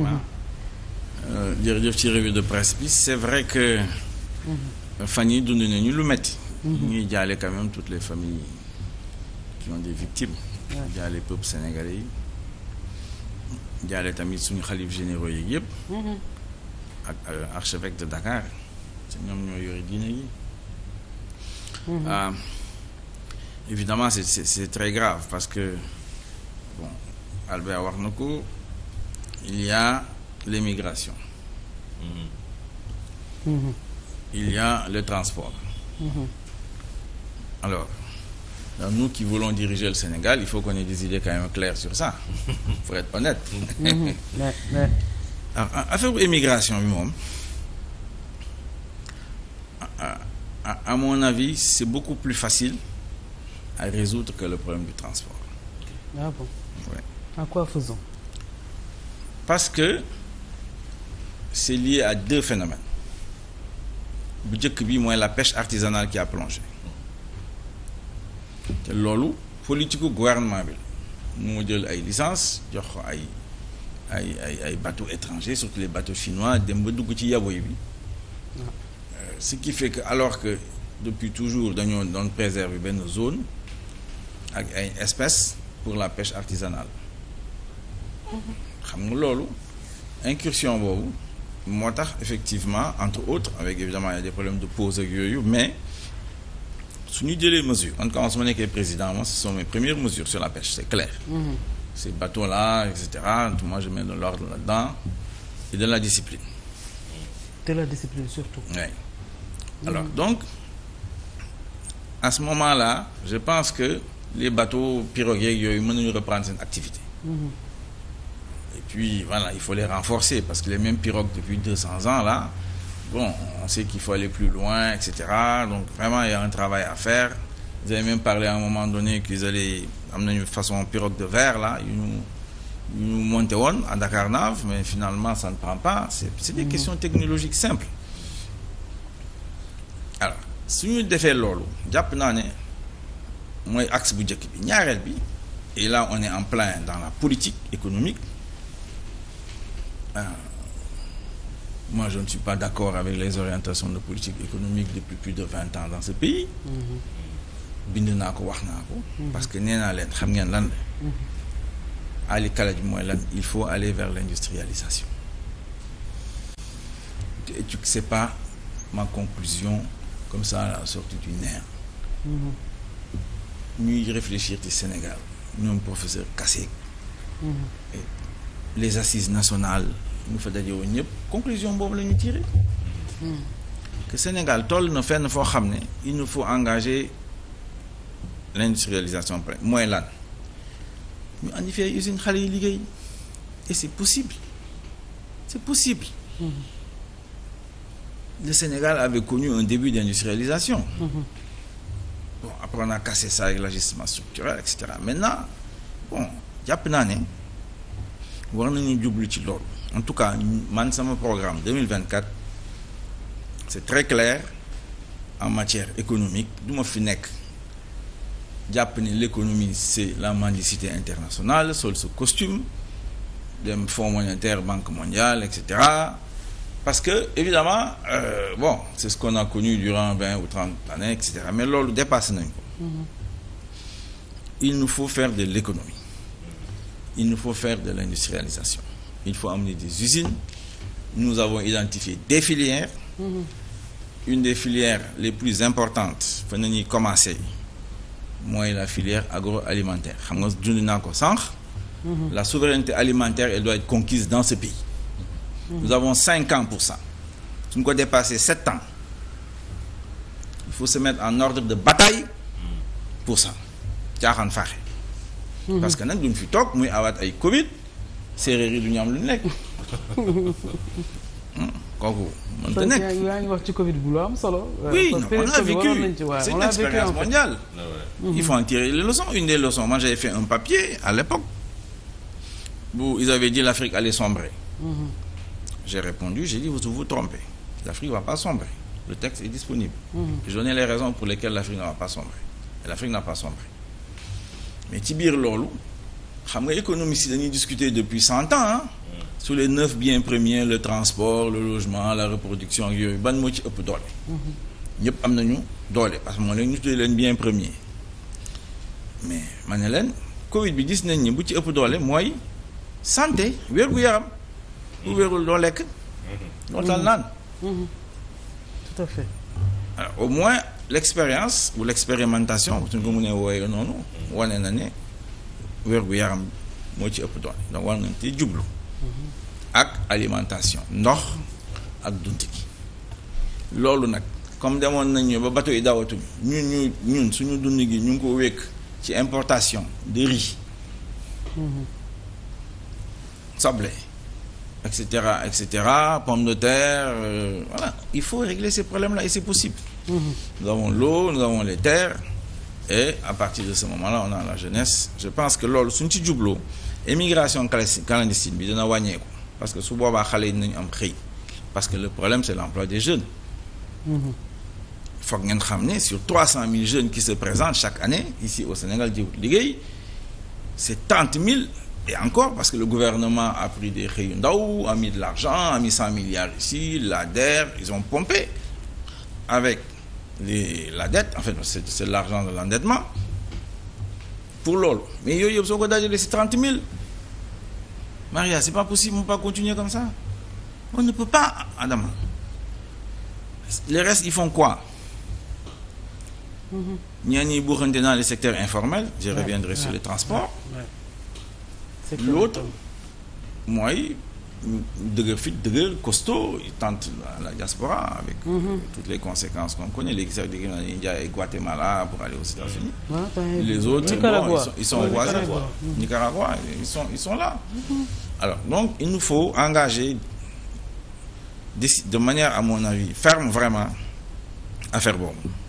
waaw euh, jërëjëf ci revue de presse bi c'est vrai que euh, fan yi dund nañu lu metti mhm. ñu ngi jaale quand toutes les familles qui ont des victimes jaale peuple sénégalais yi jaale tamit suñu xalif généraux yi yëpp mhm. ak euh, archevêque de Dakar ci ñoom ñoo yore diine yi mhm. ah évidemment c'est très grave parce que Albert wax il y a l'immigration mm-hmm. il y le transport mm-hmm. alors nous qui voulons diriger le Sénégal il faut qu'on ait des idées quand même claires sur ça pour être honnête mm-hmm. alors affaire bu immigration bi moom à mon avis c'est beaucoup plus facile à résoudre que le problème du transport ah bon ouais. à quoi parce que c'est lié à deux phénomènes bu njëkk bi mooy la pêche artisanale qui a plongé te loolu politique gouvernement bi moo jël ay licence jox ay ay ay ay bateaux étrangers surtout les bateaux chinois dem ba dugg ci yaboy bi euh, ce qui fait que alors que depuis toujours dañoo doon préserver benn zone ak ay espèces pour la pêche artisanale xam nga loolu incursion boobu moo tax effectivement entre autres avec évidemment il y a des problèmes de pause ak yooyu mais su ñu jëlee mesure en tout cas su ma nekkee président moi ce sont mes premières mesures sur la pêche c'est clair mm mm-hmm. bato la bateaux là et cetera moi je mets de l'ordre là-dedans de la discipline de la discipline surtout oui. Mm-hmm. alors donc à ce moment là je pense que les bateaux pirogues yooyu mën nañu reprendre seen activité mm Et puis, voilà, il faut les renforcer parce que les mêmes pirogues depuis 200 ans, là, bon, on sait qu'il faut aller plus loin, etc. Donc, vraiment, il y a un travail à faire. Vous avez même parlé à un moment donné qu'ils allaient amener une façon pirogue de verre, là. Ils nous, ils nous montaient à Dakar Nav, mais finalement, ça ne prend pas. C'est des mm. questions technologiques simples. si nous défaisons l'eau, jàpp naa ne mooy axe bu njëkk bi ñaareel bi et là on est en plein dans la économique ah, moi je ne suis pas d'accord avec les orientations de politique économique depuis plus de vingt ans dans ce pays mm-hmm. bind naa ko wax naa ko mm-hmm. parce que nee naa leen xam ngeen lan la mm-hmm. ali kala ji mooy lan il faut aller vers l'industrialisation et tu pas ma conclusion comme ça à la sortie du nerf ñuy réfléchir ci Sénégal ñoom professeur Kassé les assises nationales ñu fa daje woon ñëpp conclusion boobu la ñu tiré que Sénégal toll na fenn foo xam ne il nous faut engager l'industrialisation près mooy lan ñu andi usine xale yi liggéey et c'est possible c'est possible mm-hmm. le Sénégal avait connu un début d'industrialisation mm-hmm. bon après on a cassé ça avec l'ajustement structurel et maintenant bon jàpp naa ne war nañu jublu ci loolu en tout cas man sama programme 2024 c'est très clair en matière économique du ma fi nekk jàpp ni l'économie c'est la mendicité internationale sol ce costume dem Fonds monétaire Banque mondiale et cetera parce que évidemment euh, bon c'est ce qu'on a connu durant vingt ou années et mais loolu dépassé nañ ko mm-hmm. il nous faut faire de l'économie il nous faut faire de l'industrialisation il faut amener des usines nous avons identifié des filières mmh. une des filières les plus importantes fa nañuy commencer mooy la filière agroalimentaire xam nga dund naa ko sànq mm-hmm. la souveraineté alimentaire elle doit être conquise dans ce pays mmh. nous avons cinq ans pour ça suñu ko dépassé sept ans il faut se mettre en ordre de bataille pour ça caaxaan faxe Mhm. parce que nag duñ fi toog muy awaat ay Covid séeréer yi du ñu am lu ñu lekk. Hmm, kooku mënta nekk yaa ngi wax ci Covid bu lu am solo. oui euh, a vécu c'est une expérience mondiale. Ah mhm. il faut en tirer les une des leçons moi j'avais fait un papier à l'époque où ils avaient dit l'Afrique allait sombrer. Mhm. j'ai répondu j'ai dit vous vous trompez l'Afrique va pas sombrer le texte est disponible. je donnais les raisons pour lesquelles l'Afrique ne va pas sombrer et l'Afrique n'a pas sombré. mais ci biir loolu xam nga économistes yi dañuy discuter depuis cent ans ah sur les neuf bien premiers le transport le logement la reproduction ak yooyu ban moo ci ëpp doole mm-hmm. ñëpp am nañu doole parce que moo leen ñu tuddee leen bien premier mais ma ne leen Covid bi gis nañ ni bu ci ëpp doole mooy santé wér-gu-yaram bu mm-hmm. wérul doo lekk mm-hmm. doo tal naan tout à fait alors au moins l'expérience ou l'expérimentation suñ ko mënee wooyee noonu wane na ne wér-gu-yaram moo ci ëpp doon donc war nañ ci jublu ak alimentation ndox ak dund gi loolu nag comme demoon nañu ba bateau yi dawatuñu ñun ñu ñun suñu dund gi ñu ngi ko wékk ci importation de riz mhm. sablé et cetera et cetera pomme de terre euh, voilà il faut régler ces problèmes-là et c'est possible. Mmh. nous avons l'eau nous avons les terres et à partir de ce moment-là on a la jeunesse je pense que loolu suñ ci jubloo émigration clandestine bi dina wàññeeku parce que su boobaa xale yi nañu am xëy parce que le problème c'est l'emploi des jeunes. Mmh. foog ngeen xam ne sur trois cent mille jeunes qui se présentent chaque année ici au Sénégal di liggéey c'est trente mille encore, parce que le gouvernement a pris des xëyu ndaw, a mis de l'argent, a mis 100 milliards ici, la DER, ils ont pompé avec la dette, en fait, c'est l'argent de l'endettement pour loolu. Mais yooyu yëpp soo ko dajalee c'est 30 000. Maria, pas possible, on peut pas ne peut pas, Adama. Les restes, ils font quoi? Mm-hmm. ñaan ñi buuxante dans les secteurs informels, je reviendrai sur ouais, les l'autre mooy dëgër fit dëgër costaud il tente la diaspora avec mm -hmm. toutes les conséquences qu'on connaît léegi sax dégg naa India et Guatemala pour aller aux États-Unis les autres ils sont, ils sont ils sont ils mhm. alors donc il nous faut engager de manière à mon avis ferme vraiment affaire boobu